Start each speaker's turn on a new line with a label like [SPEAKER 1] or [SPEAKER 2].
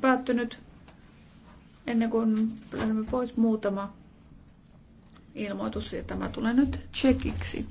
[SPEAKER 1] päättynyt. Ennen kuin lähdemme pois muutama ilmoitus, ja tämä tulee nyt checkiksi.